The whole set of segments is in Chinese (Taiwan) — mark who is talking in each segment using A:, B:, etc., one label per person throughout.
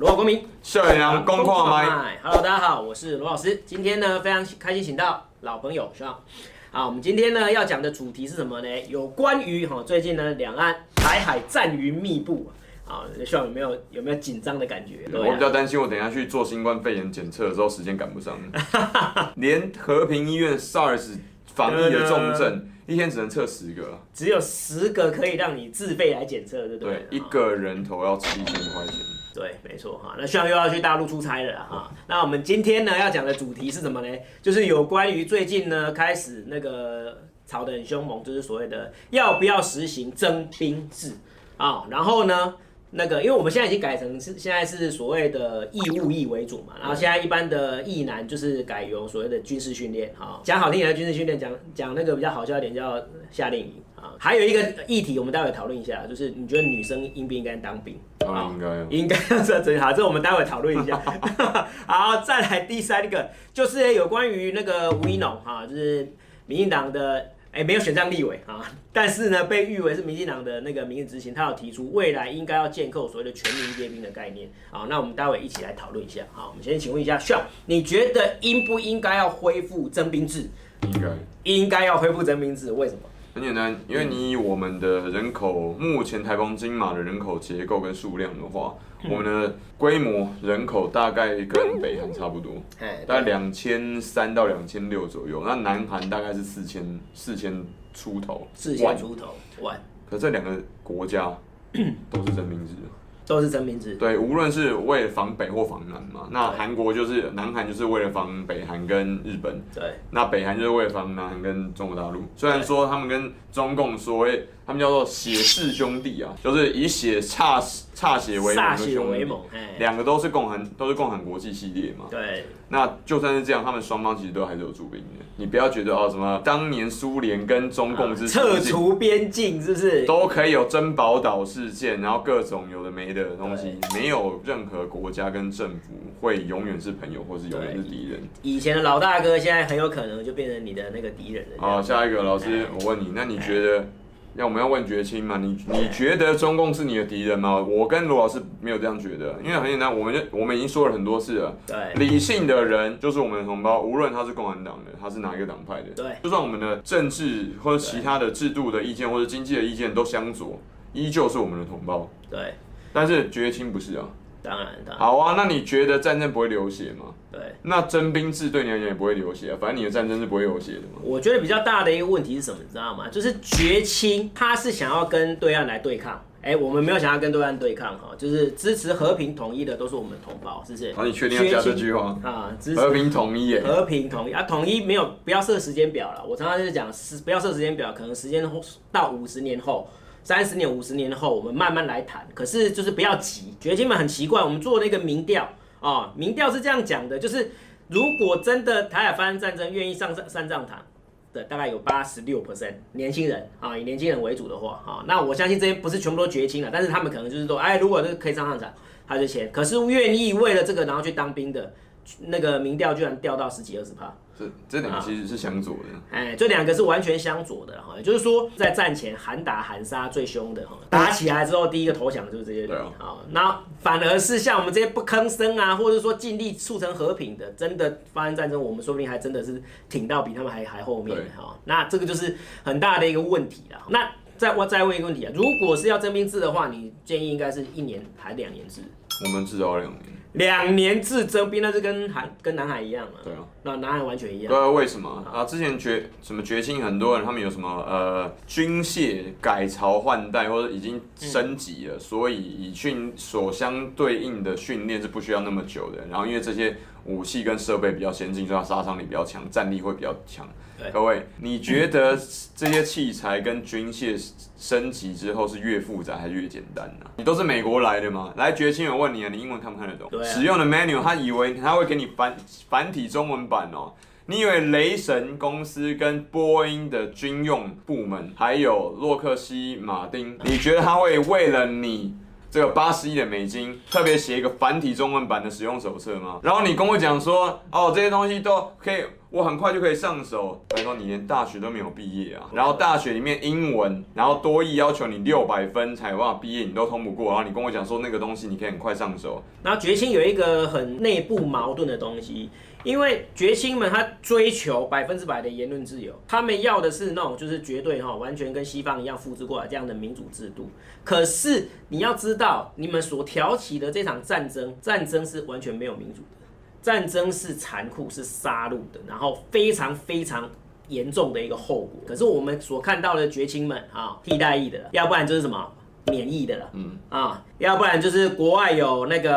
A: 羅國明，謝永公龔礦梅，Hello，大家好，我是羅老師。今天呢，非常開心，請到老朋友希望。好，我們今天呢，要講的主題是什麼呢？有關於哈，最近呢，兩岸台海戰雲密布。啊，徐旺有沒有有沒有緊張的感覺？對啊、我比較
B: 擔心，我等一下去做新冠肺炎檢測的時候，時間趕不上。 連和平醫院 SARS 防疫的重症，一天只能測十個，
A: 只有十個可以讓你自費來檢測，對不對？對，
B: 一個人頭要七千塊錢。對，沒錯哈、啊，那 Sean 又要去
A: 大陸出差了哈、啊。那我們今天呢，要講的主題是什麼呢？就是有關於最近呢，開始那個吵得很凶猛，就是所謂的要不要實行徵兵制啊。然後呢，那個因為我們現在已經改成是現在是所謂的義務役為主嘛，然後現在一般的役男就是改用所謂的軍事訓練哈、啊，講好聽點是軍事訓練，講講那個比較好笑一點叫夏令營啊。還有一個議題，我們待會討論一下，就是你覺得女生應不應該當兵？應該應該是這徵哈，這我們待會討論一下。 好，再來第三個就是有關於那個吳怡農哈，就是民進黨的哎、欸、沒有選上立委啊，但是呢被譽為是民進黨的那個明日之星，他有提出未來應該要建構所謂的全民皆兵的概念。好，那我們待會一起來討論一下。好，我們先請問一下 Sean，你覺得應不應該要恢復徵兵制？應
B: 該應該要恢復徵兵制，為什麼？很簡單，因為你以我們的人口，目前台澎金馬的人口結構跟數量的話，我們的規模人口大概跟北韓差不多，大概兩千三到兩千六左右，那南韓大概是四千四千出頭，四千出頭萬，可這兩個國家都是徵兵制。都是真名字。對，無論是為了防北或防南嘛，那韓國就是南韓，就是為了防北韓跟日本。對，那北韓就是為了防南韓跟中國大陸。雖然說他們跟中共說，哎。他們叫做血誓兄弟啊，就是以歃血歃血為差個為盟，兩個都是共產，都是共產國際系列嘛。對，那就算是這樣，他們雙方其實都還是有駐兵的。你不要覺得哦、啊，什麼當年蘇聯跟中共是、啊、撤除
A: 邊境是不是，都可
B: 以有珍寶島事件，然後各種有的沒的東西，沒有任何國家跟政府會永遠是朋友，或是永遠是敵人。以前
A: 的老大哥，現在很有
B: 可能就變成你的那個敵人了。啊、下一個老師、嗯，我問你，嗯、那你覺得？要我們要問絕心嘛？你你覺得中共是你的敵人嗎？我跟羅老師沒有這樣覺得，因為很簡單，我們就我們已經說了很多次了。對，理性的人就是我們的同胞，無論他是共產黨的，他是哪一個黨派的，對，就算我們的政治或其他的制度的意見或者經濟的意見都相左，依舊是我們的同胞。對，但是絕心不是啊。當然，當然。好啊，那你覺得戰爭不會流血嗎？對，那徵兵制對你而言也不會流血啊，反正你的戰爭是不會流血的嘛。
A: 我覺得比較大的一個問題是什麼，你知道嗎？就是決心，他是想要跟對岸來對抗，哎、欸，我們沒有想要跟對岸對抗哈，就是支持和平統一的都是我們的同胞，是不是？啊，你確定要加這句話啊支持？和平統一、欸，和平統一啊，統一沒有不要設時間表了。我常常就是講是不要設時間表，可能時間到五十年後。三十年、五十年後，我們慢慢來談。可是就是不要急。覺青們很奇怪，我們做了一個民調啊、哦，民調是這樣講的，就是如果真的台海發生戰爭，願意上上上戰場的大概有八十六 percent 年輕人啊、哦，以年輕人為主的話啊、哦，那我相信這些不是全部都覺青了，但是他們可能就是說，哎，如果這個可以上上場，他就簽。可是願意為了這個然後去當兵的。那個民調居然掉到十幾二十趴，
B: 這這兩個其實是相左的。哎，
A: 這兩個是完全相左的哈，也就是說在戰前喊打喊殺最凶的哈，打起來之後第一個投降的就是這些人啊。那反而是像我們這些不吭聲啊，或者說盡力促成和平的，真的發生戰爭，我們說不定還真的是挺到比他們還還後面哈。那這個就是很大的一個問題了。那再我再問一個問題啊，如果是要徵兵制的話，你建議應該是一年還兩年制？
B: 我們至少兩年。
A: 兩年制徵兵，那就跟韓跟南海一樣嘛？對啊、哦。啊，答案完全一樣。
B: 對、啊，為什麼啊？之前決什麼決心？很多人，嗯、他們有什麼呃，軍械改朝換代或者已經升級了，嗯、所以以訓所相對應的訓練是不需要那麼久的。然後因為這些武器跟設備比較先進，所以它殺傷力比較強，戰力會比較強。各位，你覺得這些器材跟軍械升級之後是越複雜還是越簡單呢，啊？你都是美國來的嗎？來決心，我問你啊，你英文看不看得懂？對、啊，使用的 manual，他以為他會給你繁繁體中文版。哦，你以為雷神公司跟波音的軍用部門，還有洛克希馬丁，你覺得他會為了你這個八十億的美金，特別寫一個繁體中文版的使用手冊嗎？然後你跟我講說，哦，這些東西都可以，我很快就可以上手。他說你連大學都沒有畢業啊，然後大學裡面英文，然後多益要求你六百分才有辦法畢業，你都通不過。然後你跟我講說那個東西你可以很快上手。
A: 然後決心有一個很內部矛盾的東西。因為覺青們，他追求百分之百的言論自由，他們要的是那種就是絕對哈，完全跟西方一樣複製過來這樣的民主制度。可是你要知道，你們所挑起的這場戰爭，戰爭是完全沒有民主的，戰爭是殘酷、是殺戮的，然後非常非常嚴重的一個後果。可是我們所看到的覺青們啊，替代役的，要不然就是什麼？免疫的了，嗯啊，要不然就是國外有那個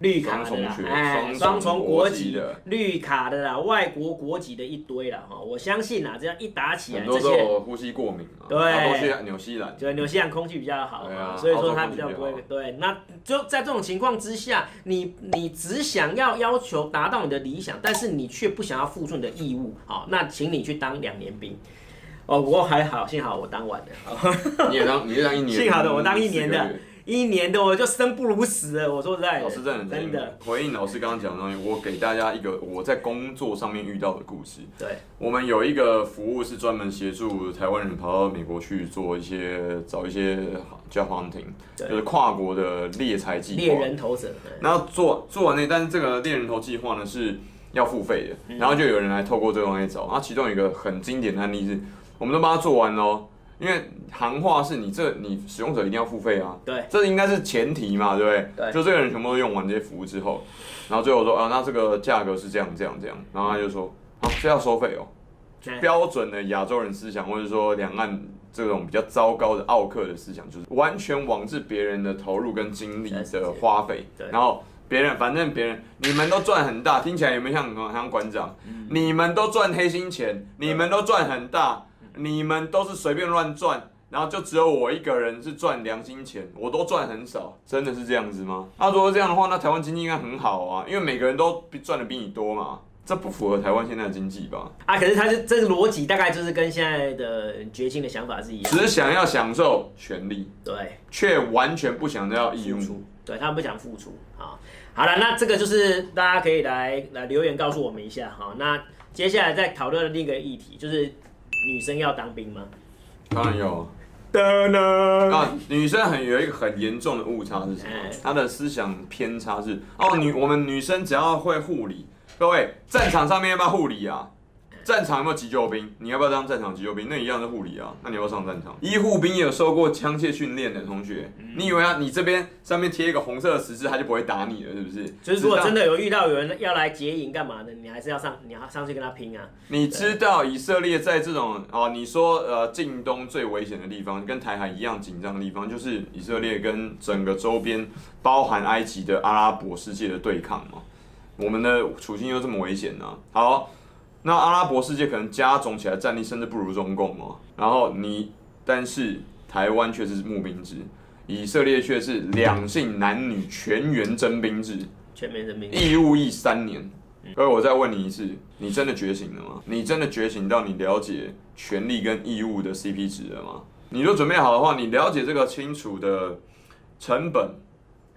A: 綠卡的啦哎，雙重國,國籍的綠卡的啦，外國國籍的一堆了哈、喔。我相信啊，只要一打起來，這些呼
B: 吸過敏對、啊，紐西蘭，對，
A: 紐、啊、西蘭空氣比較好、啊，所以說它比較貴，對。那就在這種情況之下，你你只想要要求達到你的理想，但是你卻不想要付出你的義務，好、喔，那請你去當兩年兵。哦、oh，不過還好，幸好我當完
B: 的。Oh. 你也當，你也當一年。幸好的，我當一年的，一年的我就生不如死了，我說實在的，老師真的真的。回應老師剛剛講的東西，我給大家一個我在工作上面遇到的故事。對，我們有一個服務是專門協助台灣人跑到美國去做一些找一些 job hunting，就是跨國的獵才計劃。獵人頭者。那做做完呢，但是這個獵人頭計劃呢是要付費的、嗯，然後就有人來透過這個東西找。然後其中一個很經典的案例是。我們都幫他做完了、喔、因為行話是你這你使用者一定要付費啊，對，這應該是前提嘛，對不對？對，就這個人全部都用完這些服務之後，然後最後我說啊，那這個價格是這樣這樣這樣，然後他就說好，這要收費哦。標準的亞洲人思想，或者說兩岸這種比較糟糕的澳客的思想，就是完全罔置別人的投入跟精力的花費，然後別人反正別人你們都賺很大，聽起來有沒有像好像館長，你們都賺黑心錢，你們都賺很大。你們都是隨便亂賺，然後就只有我一個人是賺良心錢，我都賺很少，真的是這樣子嗎？那如果這樣的話，那台灣經濟應該很好啊，因為每個人都賺的比你多嘛，這不符合台灣現在的經濟吧？
A: 啊，可是他是這個邏輯大概就是跟現在的覺青的想法是一樣，只是想
B: 要享受權利，對，卻完全不想要義務，對，他們不想付出。
A: 好，好了，那這個就是大家可以來來留言告訴我們一下。好，那接下來再討論另一個議題就是。
B: 女生要當兵嗎？當然要啊。啊，女生很有一個很嚴重的誤差是什麼？她的思想偏差是哦，女我們女生只要會護理，各位戰場上面要不要護理啊？戰場有沒有急救兵？你要不要當戰場急救兵？那一樣是護理啊。那你要不要上戰場，醫護兵也有受過槍械訓練的同學，嗯。你以為啊，你這邊上面貼一個紅色的十字，他就不會打你了，是不是？就是如果真的有遇到有人
A: 要來劫營幹嘛的，你還是要上，你要上去跟他拼啊。
B: 你知道以色列在這種哦、呃，你說呃，近東最危險的地方，跟台海一樣緊張的地方，就是以色列跟整個周邊包含埃及的阿拉伯世界的對抗嗎？我們的處境又這麼危險呢，啊？好。那阿拉伯世界可能加總起來戰力甚至不如中共哦，然後你，但是台灣卻是募兵制，以色列卻是兩性男女全員徵兵制，全面徵兵，義務役三年。所、嗯、以我再問你一次，你真的覺醒了嗎？你真的覺醒到你了解權利跟義務的 CP 值了嗎？你都準備好的話，你了解這個清楚的成本，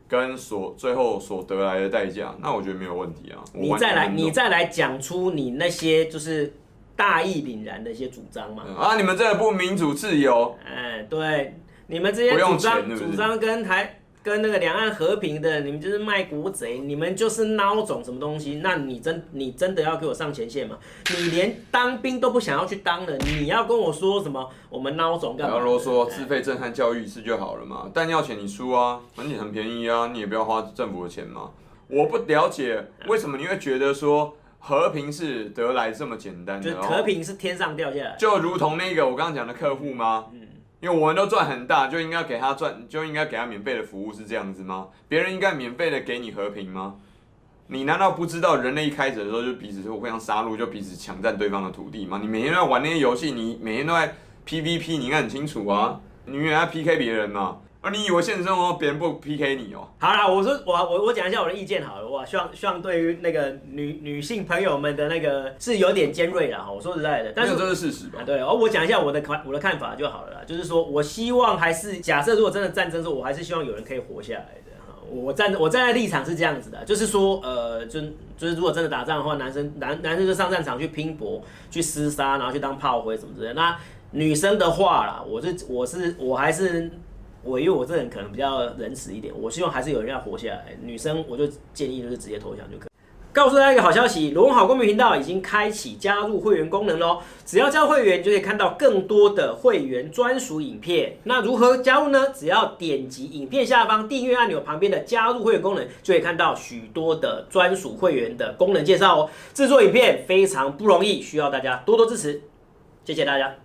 B: 跟所最後所得來的代價，那我覺得沒有問題啊。你再來，你再
A: 來講出你那些就是大義凜然的一些主張嘛、嗯？啊，你們這
B: 不民主自由、哦？哎、
A: 欸，對，你們這些主張主張跟台。跟那個兩岸和平的，你們就是賣國賊，你們就是孬種，什麼東西？那你真你真的要給我上前線嗎？你連當兵都不想要去當了，你要跟我說什麼？我們孬種幹嘛？不要囉嗦，
B: 自費震撼教育一次就好了嘛。但要錢你出啊，本錢很便宜啊，你也不要花政府的錢嘛。我不了解為什麼你會覺得說和平是得來這麼簡單的、哦，就和平是天上掉下來？就如同那個我剛剛講的客戶嗎？嗯。因為我們都賺很大，就應該給他賺，就應該給他免費的服務，是這樣子嗎？別人應該免費的給你和平嗎？你難道不知道人類一開始的時候就彼此互相殺戮，就彼此搶占對方的土地嗎？你每天都在玩那些遊戲，你每天都在 PVP，你應該很清楚啊，你每天在 PK 別人呢？你以為現實生活中別人不 P K 你哦？好啦，我說我我我講一下我的意見好了，我希望希望對
A: 於那個女女性朋友們的那個是有點尖銳啦。哈。我說實在的，但是這是事實吧？啊、對，而我講一下我的看我的看法就好了啦，就是說我希望還是假設如果真的戰爭的時候，我還是希望有人可以活下來的我站我站在立場是這樣子的，就是說呃，就就是如果真的打仗的話，男生男男生就上戰場去拼搏去厮殺，然後去當炮灰什麼之類的。那女生的話啦，我是我是我還是。我因為我這人可能比較仁慈一點，我希望還是有人要活下來。女生我就建議就是直接投降就可以。告訴大家一個好消息，羅文好公民頻道已經開啟加入會員功能嘍、哦！只要加入會員，就可以看到更多的會員專屬影片。那如何加入呢？只要點擊影片下方訂閱按鈕旁邊的加入會員功能，就可以看到許多的專屬會員的功能介紹哦。製作影片非常不容易，需要大家多多支持，謝謝大家。